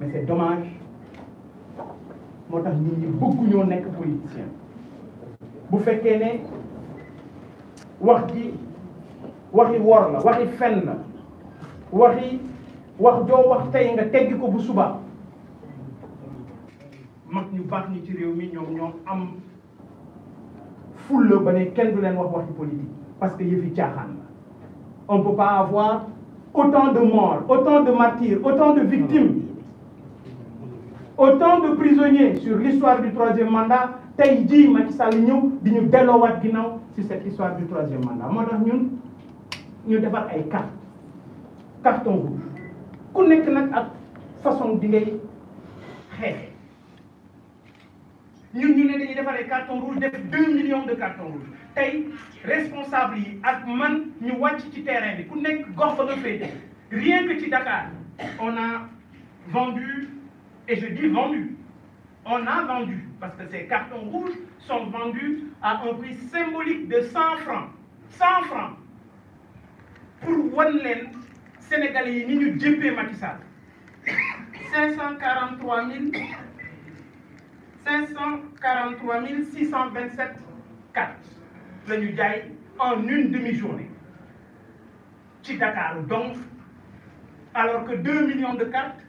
mais c'est dommage moo tax nit ñi bëgguñoo nekk politicien bu fekkee ne wax ji waxi wor la waxi fen la waxi wax joo wax tey nga teggi ko bu subaa mag ñu baax ñi ci réew mi ñoom ñoom am fulla ba ne kenn du leen wax waxi politique parce que yëfi caaxaan la on peut pas avoir autant de morts autant de martyrs autant de victimes autant de prisonniers sur l'histoire du troisième mandat tey jii Macky Sall ñëw di ñu delloowaat ginnaaw ci cette histoire du troisième mandat moo tax ñun ñu defar ay carte carton rouge ku nekk nag ak façon di ngay xeexe ñun ñu ne dañuy defaree ay carton rouge de deux millions de carton rouge tey responsable yi ak man ñu wàcc ci terrain bi ku nekk gox ba nga féete rien que ci Dakar on a vendu Et je dis vendu. On a vendu, parce que ces cartons rouges sont vendus à un prix symbolique de francs. Pour wan leen Sénégalais yi ni ñu jëppee Macky Sall. 543 000 543 627 cartes la ñu jaay en une demi-journée ci donc alors que 2 millions de cartes.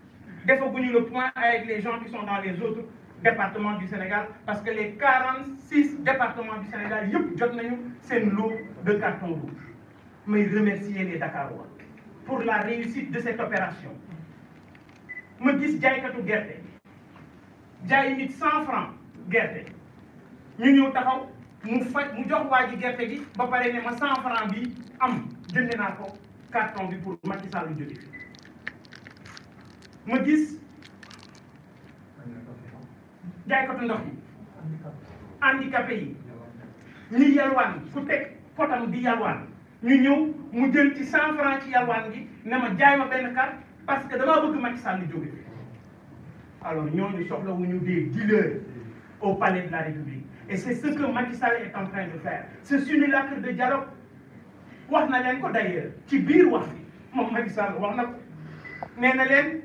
defaguñu le point avec les gens qui sont dans les autres départements du Sénégal parce que les 46 départements du Sénégal yëpp jot nañu seen lot de carton rouge may remercier les Dakarois pour la réussite de cette opération ma gis jaaykatu gerte ja nit cent francs gerte ñu ñëw taxaw mu faj mu jox waa ji gerte gi ba pare ne ma 100 francs bi am jënd naa ko carton bi pour Macky Sall jóge ma gis jaaykatu ndox yi handicapé yi ñuy yalwaan ku teg potam di yalwaan ñu ñëw mu jël ci cent franc ci gi ne ma jaay ma benn carte parce que damaa bëgg Macky Sall jóge fi alors ñooñu soxlawuñu des dealers au palais de la République et c' est ce que Macky Sall est en train de faire ce de dialogue wax na leen ko d' ci biir wax bi moom Macky wax na ko nee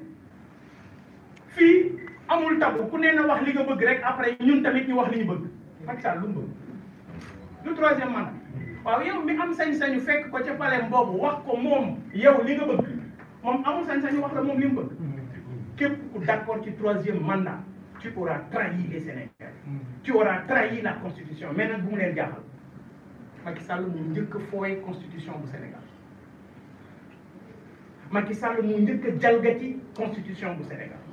amul tabu ku nee na wax li nga bëgg rek après ñun tamit ñu wax li ñu bëgg Macky Sall lu mu bëgg man a mandat waaw yow mi am sañ-sañu fekk ko ca palais boobu wax ko moom yow li nga bëgg moom amul sañ-sañu wax la moom li mu bëgg képp ku d'accord ci troisième mandat tu auras trahi les Sénégalais tu auras trahi la constitution mais nag bu mu leen jaaxal Macky Sall mu njëkk a fooy constitution bu Sénégal Macky Sall mu njëkk jalgati constitution bu Sénégal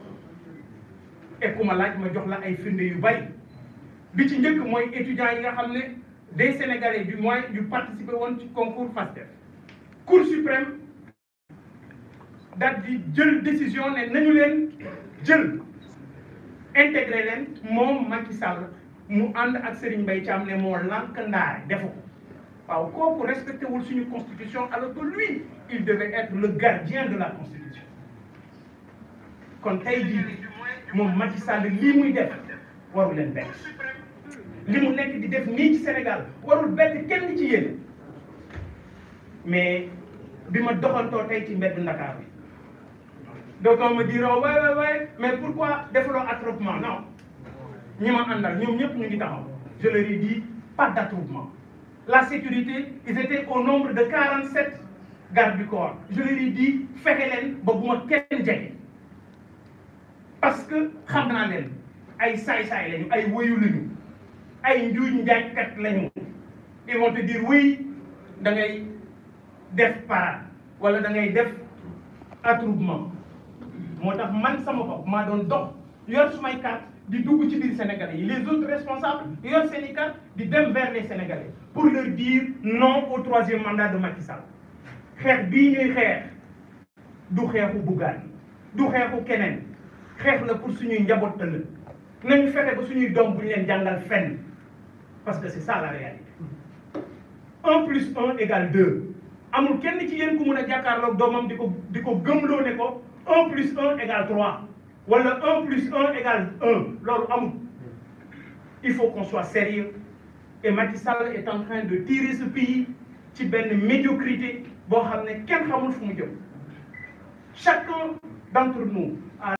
et ku ma laaj ma jox la ay firnde yu bari bi ci njëkk mooy étudiants yi nga xam ne des sénégalais bi moins yu participer woon ci concours FASTEF cour suprême daal di jël décision ne nañu leen jël intégré leen moom Macky Sall mu ànd ak Serigne Mbaye Thiam ne moo lànk ndaare defu ko waaw kooku respecté suñu constitution alors que lui il devait être le gardien de la constitution kon tey jii moom Macky Sall lii muy def waru leen bett li mu nekk di def nii ci Sénégal warul bett kenn ci yéen mais bi ma doxantoo tey ci mbedd Ndakaar bi donc on ma diro waay waay waay mais pourquoi defaloo attroupement non ñi ma àndal ñoom ñëpp ñu ngi taxaw je leur ai dit pas la sécurité ils étaient au nombre de 47 gardes du corps je leur ai leen ba bu ma kenn jege parce que xam naa leen ay saay-saay lañu ay wëyu lañu ay njuuj njaajkat lañu ils vont te dire oui da def parade wala da ngay def attroupement moo tax man sama bopp maa doon dox yor sumay carte di dugg ci biir Sénégalais yi les autres responsables yor seen i carte di dem vers les pour leur dire non au troisième mandat de Macky xeex bii ñuy xeex du xeexu Bougane du xeexu keneen. xeex la pour suñuy njaboot ëllëg nañu fexe ba suñuy doom bu ñu leen jàngal fenn parce que c'est ça la réalité un plus un égale deux amul kenn ci yéen ku mun a jàkkaarloog doomam di ko di ko gëm ne ko un plus un égale trois wala un plus un égale un loolu amul il faut qu'on soit sérieux et Macky Sall est en train de tirer ce pays ci benn médiocrité boo xam ne kenn xamul fu mu jëm chacun d'entre nous